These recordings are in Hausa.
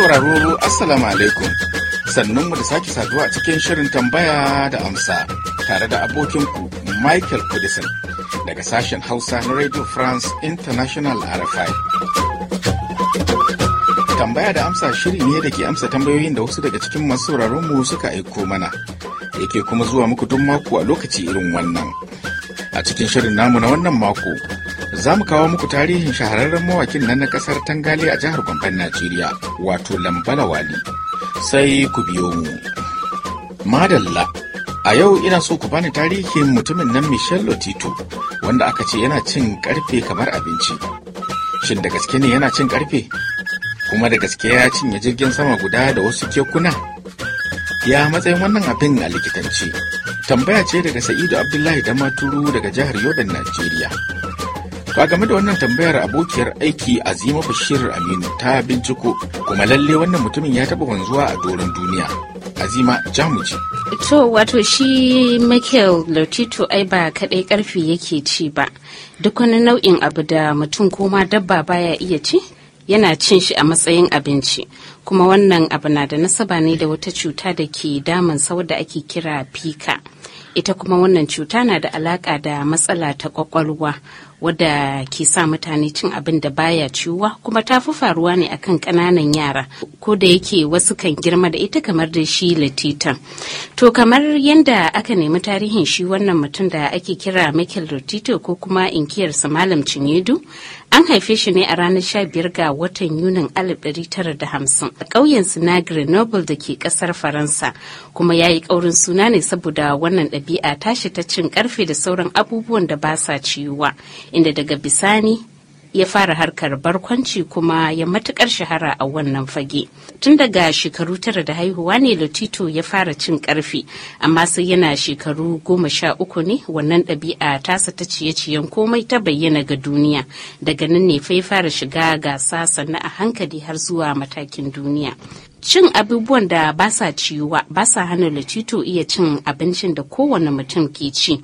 sauraro Assalamu alaikum. Sannan mu da sake saduwa a cikin shirin tambaya da amsa tare da abokin ku Michael Kudisin daga sashen Hausa na Radio France International RFI. Tambaya da amsa shiri ne da ke amsa tambayoyin da wasu daga cikin masu sauraron mu suka aiko mana. Yake kuma zuwa muku duk mako a lokaci irin wannan. A cikin shirin namu na wannan mako za mu kawo muku tarihin shahararren mawakin nan na kasar tangale a jihar Gomben Najeriya wato Lambala Wali. Sai ku biyo mu. Madalla, a yau ina so ku bani tarihin mutumin nan Michel Lotito wanda aka ce yana cin karfe kamar abinci. Shin da gaske ne yana cin karfe? Kuma da gaske ya cinye jirgin sama guda da wasu kekuna? Ya matsayin wannan abin a likitanci. Tambaya ce daga Sa'idu Abdullahi da maturu daga jihar Yobe, Najeriya. Ba game da wannan tambayar abokiyar aiki Azima Bashir Aminu ta binciko kuma lalle wannan mutumin ya taba wanzuwa a doron duniya. Azima Jamuji. To wato shi Michael lotito ai ba kaɗai ƙarfi yake ci ba. Duk wani nau'in abu da mutum koma dabba baya iya ci yana cin shi a matsayin abinci. Kuma wannan abu na da nasaba ne da wata cuta da ke damun da ake kira pika. ita kuma wannan cuta na da alaka da matsala ta kwakwalwa wadda ke sa mutane cin abin da baya ciwuwa kuma ta fi faruwa ne akan ƙananan yara ko da yake wasu kan girma da ita kamar da shi latitan to kamar yadda aka nemi tarihin shi wannan mutum da ake kira michael lotito ko kuma inkiyarsa malam cinyedu an haife shi ne a ranar sha biyar ga watan yunin hamsin. a ƙauyen na grenoble da ke ƙasar faransa kuma ya yi ƙaurin suna ne saboda wannan ɗabi'a tashi ta cin ƙarfe da sauran abubuwan da ba sa ciwuwa inda daga bisani ya fara harkar barkwanci kuma ya matukar shahara a wannan fage tun daga shekaru tara da haihuwa ne lotito ya fara cin karfi amma sai yana shekaru goma sha uku ne wannan ɗabi'a tasa ta ciye-ciyen komai ta bayyana ga duniya daga nan ne fai fara shiga gasa sannan a hankali har zuwa matakin duniya cin abubuwan da ba sa ciwa ba sa hana lotito iya cin abincin da kowane mutum ke ci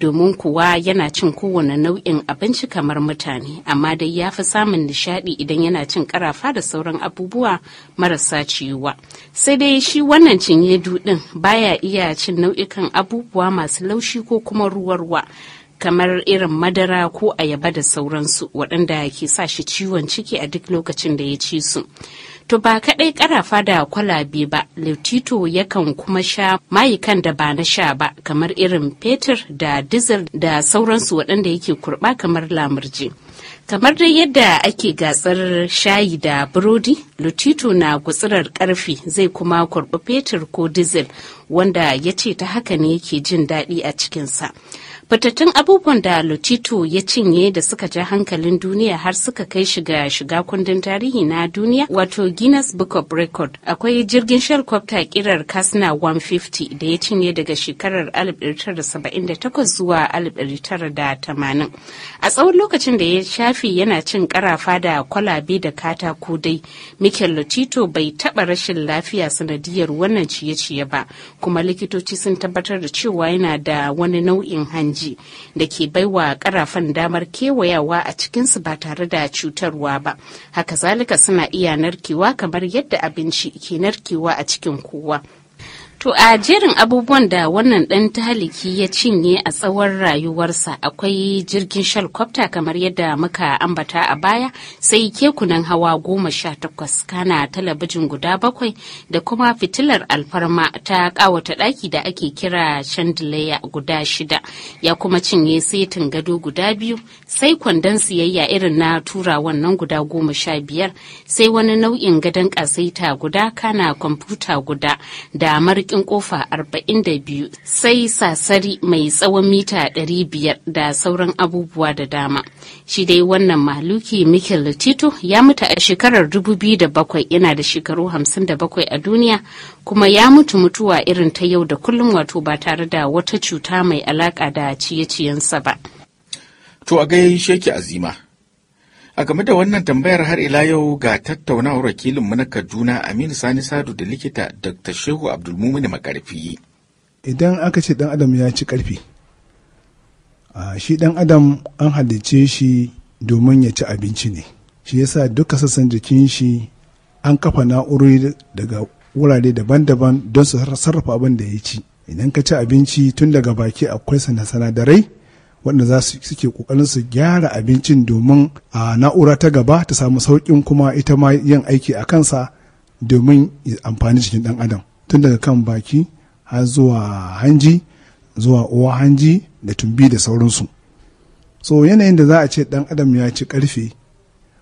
domin kuwa yana cin kowane nau'in abinci kamar mutane amma dai ya fi samun nishaɗi idan yana cin karafa da sauran abubuwa marasa ciwuwa sai dai shi wannan cinye duɗin baya iya cin nau'ikan abubuwa masu laushi ko kuma ruwarwa kamar irin madara ko ayaba da sauransu waɗanda ke sa shi ciwon ciki a duk lokacin da ya ci su To ba kaɗai ƙarafa da kwalabe ba, Leutito yakan kuma sha mayikan da ba na sha ba kamar irin fetur da dizil da sauransu waɗanda yake kurɓa kamar lamurje. kamar dai yadda ake gatsar shayi da burodi lutito na gutsirar ƙarfi zai kuma kurɓi fetur ko dizil wanda ya ce ta haka ne yake jin daɗi a cikinsa fitattun abubuwan da lotito ya cinye da suka ja hankalin duniya har suka kai shiga shiga kundin tarihi na duniya wato guinness book of record akwai jirgin shelkwafta kirar kasna 150 da ya cinye daga shekarar 1978 zuwa 1980 a tsawon lokacin da ya shafi yana cin karafa da kwalabe da katako dai michael lotito bai taba rashin lafiya sanadiyar wannan ciye-ciye ba kuma likitoci sun tabbatar da cewa yana da wani nau'in hanji inji da ke baiwa karafan damar kewayawa a cikinsu ba tare da cutarwa ba haka zalika suna iya narkewa kamar yadda abinci ke narkewa a cikin kowa To a jerin abubuwan da wannan ɗan taliki ya cinye a tsawon rayuwarsa akwai jirgin shalkwafta kamar yadda muka ambata a baya sai kekunan hawa goma sha takwas kana talabijin guda bakwai da kuma fitilar alfarma ta kawata ɗaki da ake kira chandelier guda shida ya kuma cinye setin gado guda biyu sai kwandon siyayya irin na tura wannan guda goma sha biyar sai wani nau'in gadon ƙasaita guda kana kwamfuta guda da mar arba'in kofa 42 sai sasari mai tsawon mita 500 da sauran abubuwa da dama shi dai wannan maluki mikel tito ya mutu a shekarar 2007 yana da shekaru 57 a duniya kuma ya mutu mutuwa irin ta yau da kullum wato ba tare da wata cuta mai alaƙa da ciye-ciyensa ba to a gaishe ki azima A game da wannan tambayar har ila yau ga tattaunawar wakilinmu na Kaduna Aminu Sani Sadu da likita Dr. Shehu Abdulmumin Makarfi. Idan aka ce ɗan Adam ya ci ƙarfi, shi ɗan Adam an halicce shi domin ya ci abinci ne. Shi yasa duka sassan jikin shi an kafa na'urori daga wurare daban-daban don su sarrafa abin da ya ci. Idan ka ci abinci tun daga baki akwai sanadarai waɗanda za su suke kokarin su gyara abincin domin a na'ura ta gaba ta samu sauƙin kuma ita ma yin aiki a kansa domin amfani cikin ɗan adam tun daga kan baki har zuwa hanji zuwa uwa hanji da tumbi da sauransu so yanayin da za a ce ɗan adam ya ci ƙarfe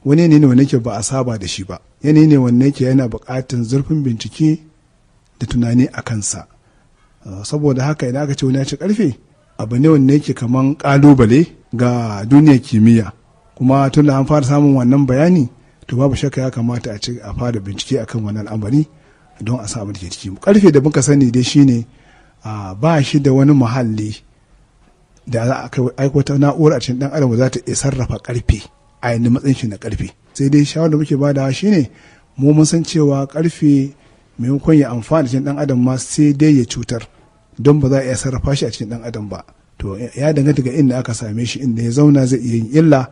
wani yanayi ne wanda ke ba a saba da shi ba yanayi ne wanda ke yana buƙatar zurfin bincike da tunani a kansa saboda haka idan aka ce wani ya ci ƙarfe abu ne wanda yake kaman kalubale ga duniyar kimiyya kuma tun an fara samun wannan bayani to babu shakka ya kamata a ci a fara bincike akan wannan al'amari don a samu da ke ciki karfe da muka sani dai shine ba shi da wani muhalli da za a aiwata na'urar a cikin dan adam za ta iya sarrafa karfe a yanzu matsayin shi na karfe sai dai shawarar da muke badawa shine mu mun san cewa karfe maimakon ya amfana cikin dan adam ma sai dai ya cutar don ba za a iya sarrafa shi a cikin dan adam ba to ya danganta ga inda aka same shi inda ya zauna zai iya yin illa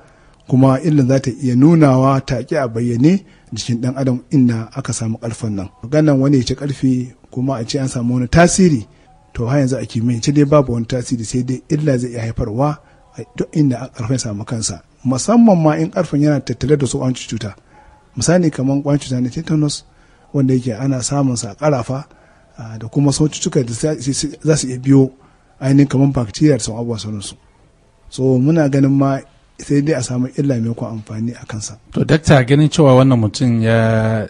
kuma illa za ta iya nunawa ki a bayyane jikin dan adam inda aka samu karfin nan maganan wani ya ci karfi kuma a ce an samu wani tasiri to har yanzu a kimiyyance dai babu wani tasiri sai dai illa zai iya haifarwa duk inda ƙarfin samu kansa musamman ma in karfin yana tattare da su cuta misali kamar kwan cuta na tetanus wanda yake ana samun sa a ƙarafa Ah, da kuma cutuka da za su iya biyo ainihin kamar bacteria da abubuwa sauransu so muna ganin ma sai dai a samu illa mai kuwa amfani a kansa to dakta ganin cewa wannan mutum ya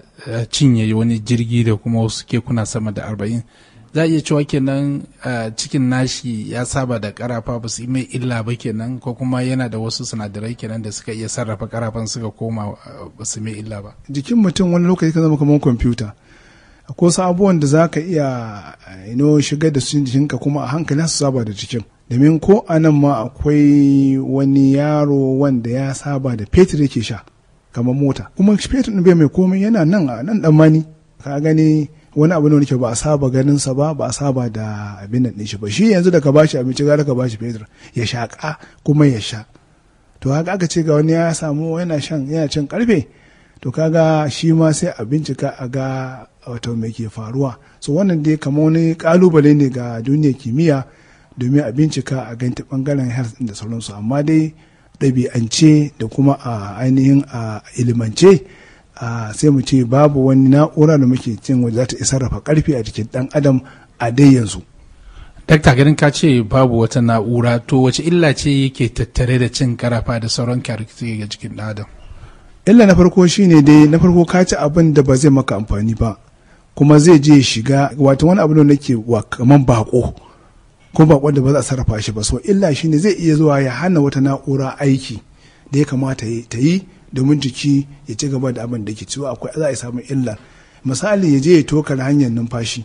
cinye wani jirgi da kuma wasu kuna sama da arba'in za a iya cewa kenan ah, cikin nashi ya saba da karafa ba su yi mai illa ba kenan ko kuma yana da wasu sinadarai kenan da suka iya sarrafa karafan suka koma ah, ba su mai illa ba jikin mutum wani lokaci kan zama kamar kwamfuta akwai sabuwan da za ka iya ino eh, shigar da sun jikinka kuma a hankali su saba da cikin. domin ko a nan ma akwai wani yaro wanda ya saba da fetur yake sha kamar mota kuma fetur ɗin bai mai komai yana nan a nan ɗan ka gani wani abu ne wani ba a saba ganin sa ba ba a saba da abin nan shi ba shi yanzu da ka bashi abinci gara ka bashi fetur ya shaƙa kuma ya sha to haka aka ce ga wani ya samu yana shan yana cin karfe to kaga shi ma sai a bincika a ga wato mai ke faruwa so wannan dai kamar wani kalubale ne ga duniyar kimiyya domin a bincika a ganta bangaren health da sauransu amma dai ɗabi'ance da kuma a ainihin a ilimance sai mu ce babu wani na'ura da muke cin waje za ta isa rafa karfi a jikin ɗan adam a dai yanzu dakta ganin ka ce babu wata na'ura to wace illa ce yake tattare da cin karafa da sauran karfi a jikin dan adam illa na farko shine dai na farko ka ci abin da ba zai maka amfani ba kuma zai je shiga wato wani abu da nake wa kaman bako ko bako da ba za a sarrafa shi ba so illa shine zai iya zuwa ya hana wata na'ura aiki da ya kamata ta yi domin jiki ya ci gaba da abin da ke ciwo akwai za a samu illa misali ya je ya tokar hanyar numfashi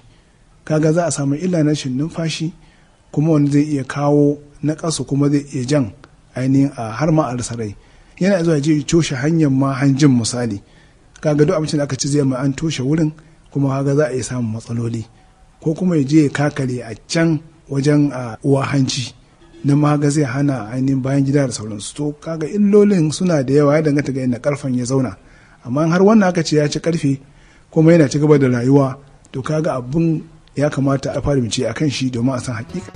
kaga za a samu illa na shin numfashi kuma wani zai iya kawo na kuma zai iya jan ainihin a har ma rai yana zuwa je toshe hanyar ma hanjin misali kaga duk abincin da aka ci zai ma an toshe wurin kuma kaga za a yi samun matsaloli ko kuma ya je ya kakare a can wajen a uwa hanci na maga zai hana ainihin bayan gida da sauransu to kaga illolin suna da yawa ya danganta ga inda karfen ya zauna amma har wannan aka ce ya ci karfe kuma yana ci gaba da rayuwa to kaga abun ya kamata a fara bincike akan shi domin a san hakika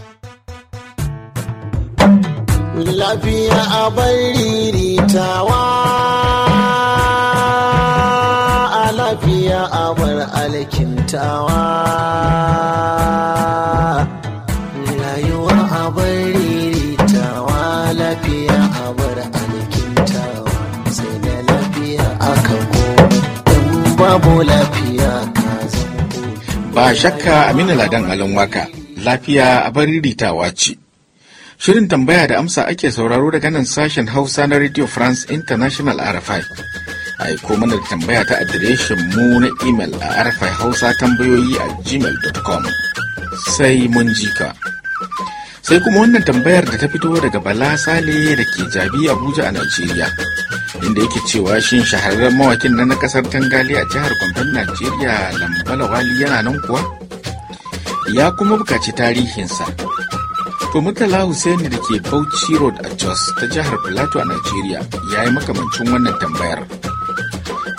lafiya a bari ritawa a lafiya a bar alkintawa rayuwa a bari ritawa lafiya a bar alkintawa sai da lafiya aka ko babu lafiya ka zama ba shakka amina ladan halin waka lafiya a bari ritawa ce Shirin tambaya da amsa ake sauraro daga nan sashen Hausa na Radio France International RFI. Aiko mana da tambaya ta adireshin mu na imel a RFI Hausa tambayoyi a gmail.com. Sai mun ka. Sai kuma wannan tambayar da ta fito daga Bala Sale da ke Jabi Abuja a Najeriya. Inda yake cewa shin shahararren mawakin na kasar Tangali a jihar Kwamfan Najeriya Lambalawali yana nan kuwa? Ya kuma bukaci tarihinsa. To Murtala Hussaini da ke Bauchi Road a Jos ta jihar Plateau a Najeriya ya yi makamancin wannan tambayar.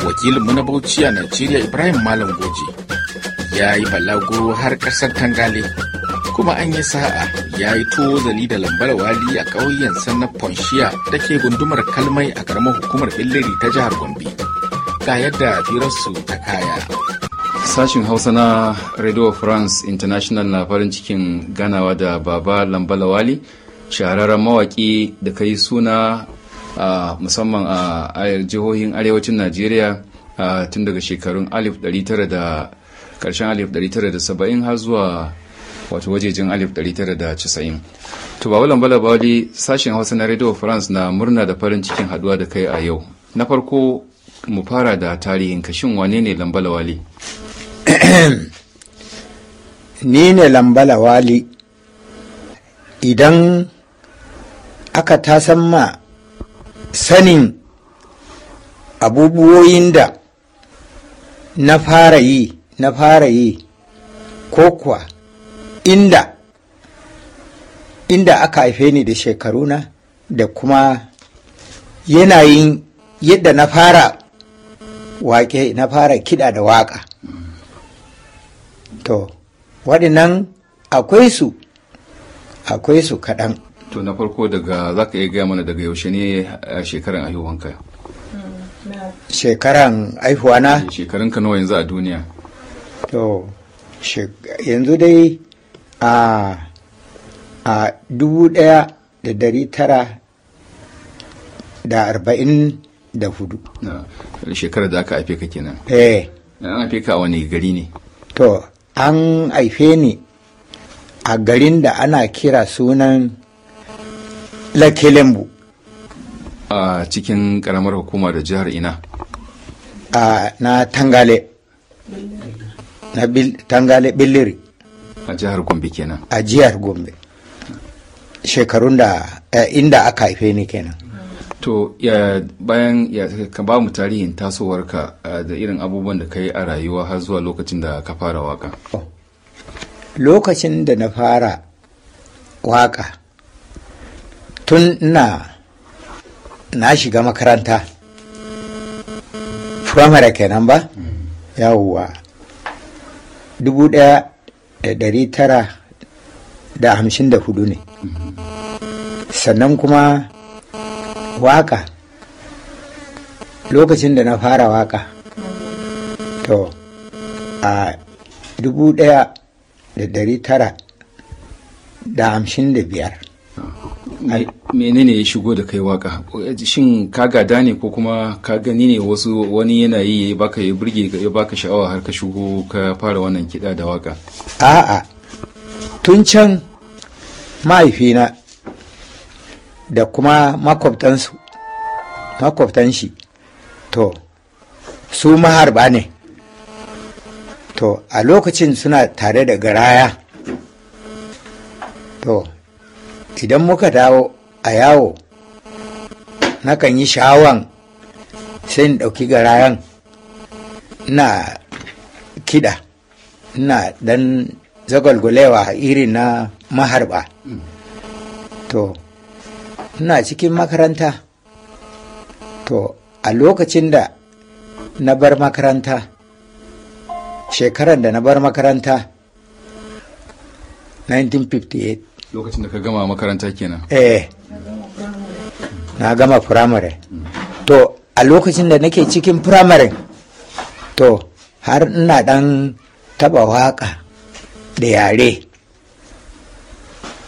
Wakilinmu na Bauchi a Najeriya Ibrahim Malam Goje ya yi balago har ƙasar Tangale kuma an yi sa'a ya yi tuwo zali da lambar wali a ƙauyen sannan Ponshiya da ke gundumar Kalmai a ƙaramar hukumar Billiri ta jihar Gombe. Ga yadda firarsu ta kaya. Sashin Hausa na Radio France International na farin cikin ganawa da Baba Lambalawali, shahararren mawaki da ka yi suna uh, musamman a jihohin arewacin nigeria uh, tun daga shekarun 1970 har zuwa wato wajejen 1990 to ba lambalawali bala sashen hausa na radio france na murna da farin cikin haduwa da kai a yau na farko mu fara da tarihin kashin wane ne lambalawali. ni ne lambala wali idan aka tasan ma sanin abubuwoyin da na fara yi na fara yi ko kuwa inda inda aka haife ni da shekaru na, da kuma yanayin yadda na fara wake na fara kiɗa da waƙa to waɗannan akwai su akwai su kaɗan to na farko daga za ka iya gaya mana daga yaushe ne a eh, shekaran aihuwanka shekaran aihuwana shekarun ka nawa yanzu a duniya to yanzu dai a dubu ɗaya da dari tara da arba'in da hudu shekarar da aka haife ka kenan eh an haife ka a wani gari ne to an haife ni a garin da ana kira sunan lakelembu a cikin karamar hukuma da jihar ina a na tangale na bil, tangale billiri a jihar gombe kenan a jihar gombe shekarun da eh, inda aka haife ni kenan to bayan ka ba mu tarihin tasowarka eh, da irin abubuwan da ka yi a rayuwa har zuwa lokacin da ka fara waka oh. lokacin da na fara waka tun na na shiga makaranta firamare kenan ba mm. yawuwa. dubu ɗaya da dari tara da hamsin da hudu ne mm-hmm. sannan kuma waka lokacin da na fara waka to a dubu ɗaya da dari tara da da menene ya shigo da kai waka shin ka gada ne ko kuma ka gani ne wasu wani yanayi yi ya baka ya burge ya baka sha'awa har ka shigo ka fara wannan kiɗa da waka a'a tun can mahaifina da kuma makwabtansu makwabtan shi to su maharba ne to a lokacin suna tare da garaya to idan muka dawo a yawo nakan yi sha'awan sai in ɗauki garayan na kiɗa na dan zagwalgulewa irin na maharba mm. to ina cikin makaranta to a lokacin da na bar makaranta shekaran da na bar makaranta 1958 lokacin da ka gama makaranta kenan eh na gama firamare to a lokacin da nake cikin firamare to har ina dan taba waka da yare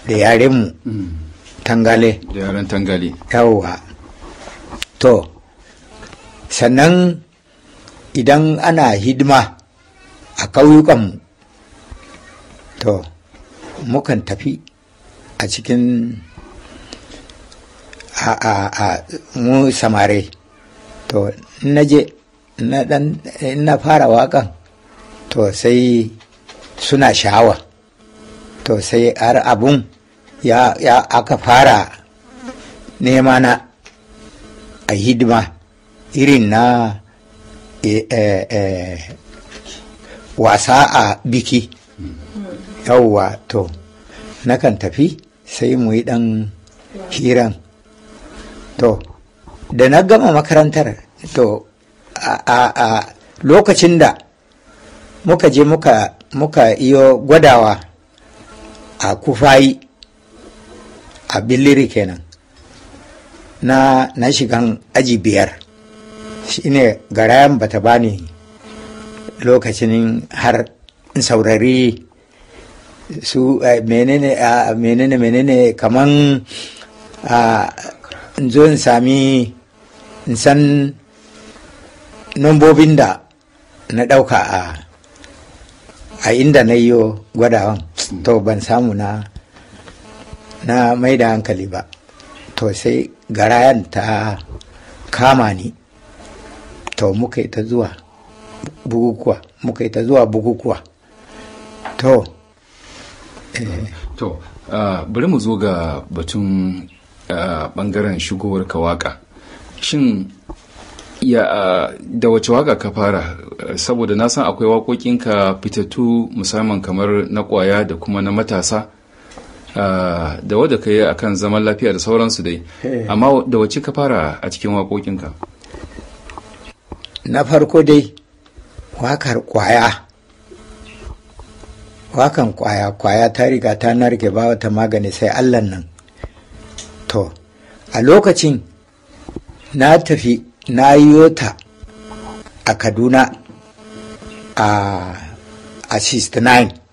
da yarenmu mm. tangale da yaren tangale yawwa to sannan idan ana hidima a ƙauyukanmu to mukan tafi a cikin a a a mu samare to na je na dan na fara waƙan to sai suna sha'awa to sai har abun ya aka fara nema na a hidima irin na e, e, e, wasa a biki yauwa to nakan tafi sai mu yi dan hiran to da na gama makarantar to a, lokacin da muka je muka muka iyo gwadawa a kufayi a billiri kenan na na shigan aji biyar shine garayan ta bani lokacin har saurari su eh, menene menene menene kaman a zo in sami san nombobin da na ɗauka a inda na yi gwadawan to ban samu na na mai da hankali ba to sai garayan ta kama ni to muka yi ta zuwa bukukuwa muka yi ta zuwa bukukuwa to to bari mu zo ga batun bangaren shigowar ka waka shin ya da wace waka ka fara saboda na san akwai wakokinka fitattu musamman kamar na ƙwaya da kuma na matasa Ah, da wadda ka yi a kan zaman lafiya da sauransu dai eh. amma da wacce ka fara a cikin waƙoƙinka na farko dai wakar kwaya wakan kwaya kwaya ta riga ta narke ba wata magani sai allan nan to a lokacin na tafi na yi ta a kaduna a 69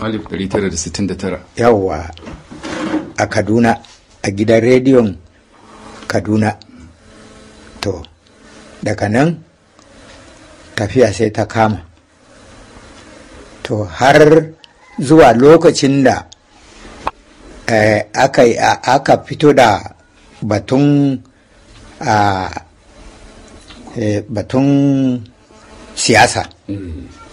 1969 yawwa a kaduna a gidan rediyon kaduna to daga nan tafiya sai ta kama to har zuwa lokacin da eh, aka, fito da batun a eh, batun siyasa mm.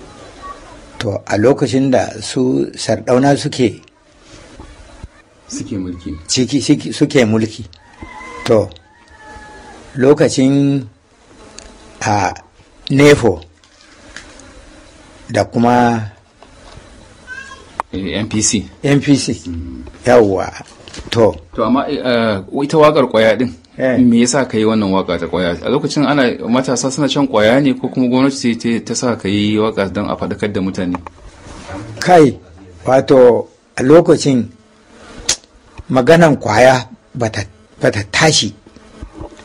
to a lokacin da su sardauna suke suke mulki ciki suke mulki to lokacin a nefo da kuma eh, npc npc yawwa to to amma eh, eh, ita wakar kwaya din Eh. me yasa ka yi wannan waka ta kwaya a lokacin ana matasa suna shan kwaya ne ko kuma gwamnati ce ta sa ka yi waka don a faɗakar da mutane kai wato a lokacin maganan kwaya bata tashi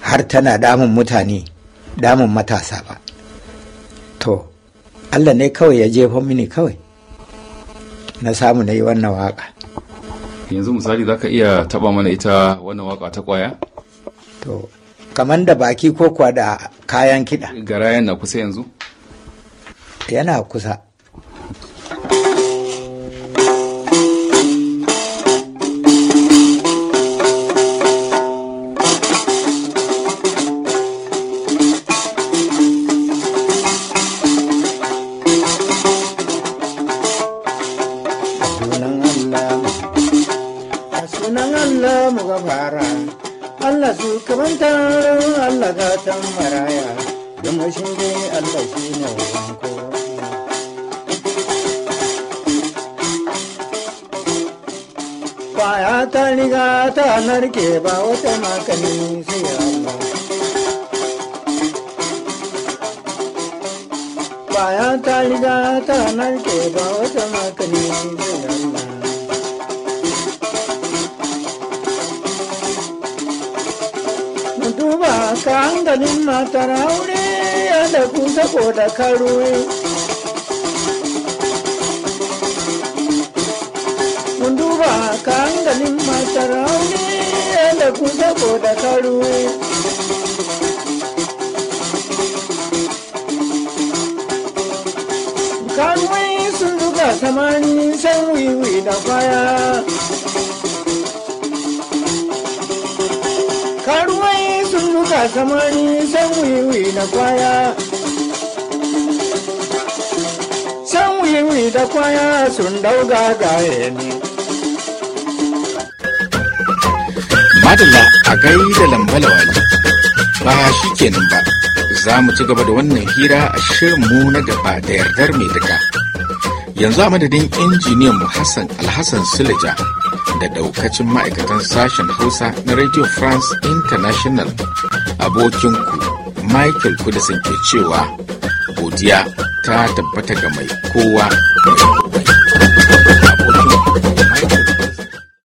har tana damun mutane damun matasa ba to allah ne kawai ya jefa mini kawai na samu na yi wannan waka yanzu misali za ka iya taba mana ita wannan waka ta kwaya to kamar da baki ko kuwa da kayan kiɗa Gara na kusa yanzu yana kusa Gaban taron Allah gatan maraya, da mashinge Allah shi ne wanko. Kwaya ta riga ta narke ba wata makani sai Allah. Kwaya ta riga ta narke ba wata ka hanganin matar aure ya da daku saboda karuwe mun duba ka hanganin matar aure ya da daku saboda karuwe karuwe sun duka samani san wiwi da kwaya samani samari san wiwi na kwaya san da kwaya sun dauga gaye ni madalla a gai da lambalawali ba shi kenan ba za mu ci gaba da wannan hira a shirin mu na gaba da yardar mai duka yanzu a madadin injiniyan mu hassan alhassan suleja da daukacin ma'aikatan sashen hausa na radio france international abokinku michael Kudasin ke cewa godiya ta tabbata ga mai kowa mai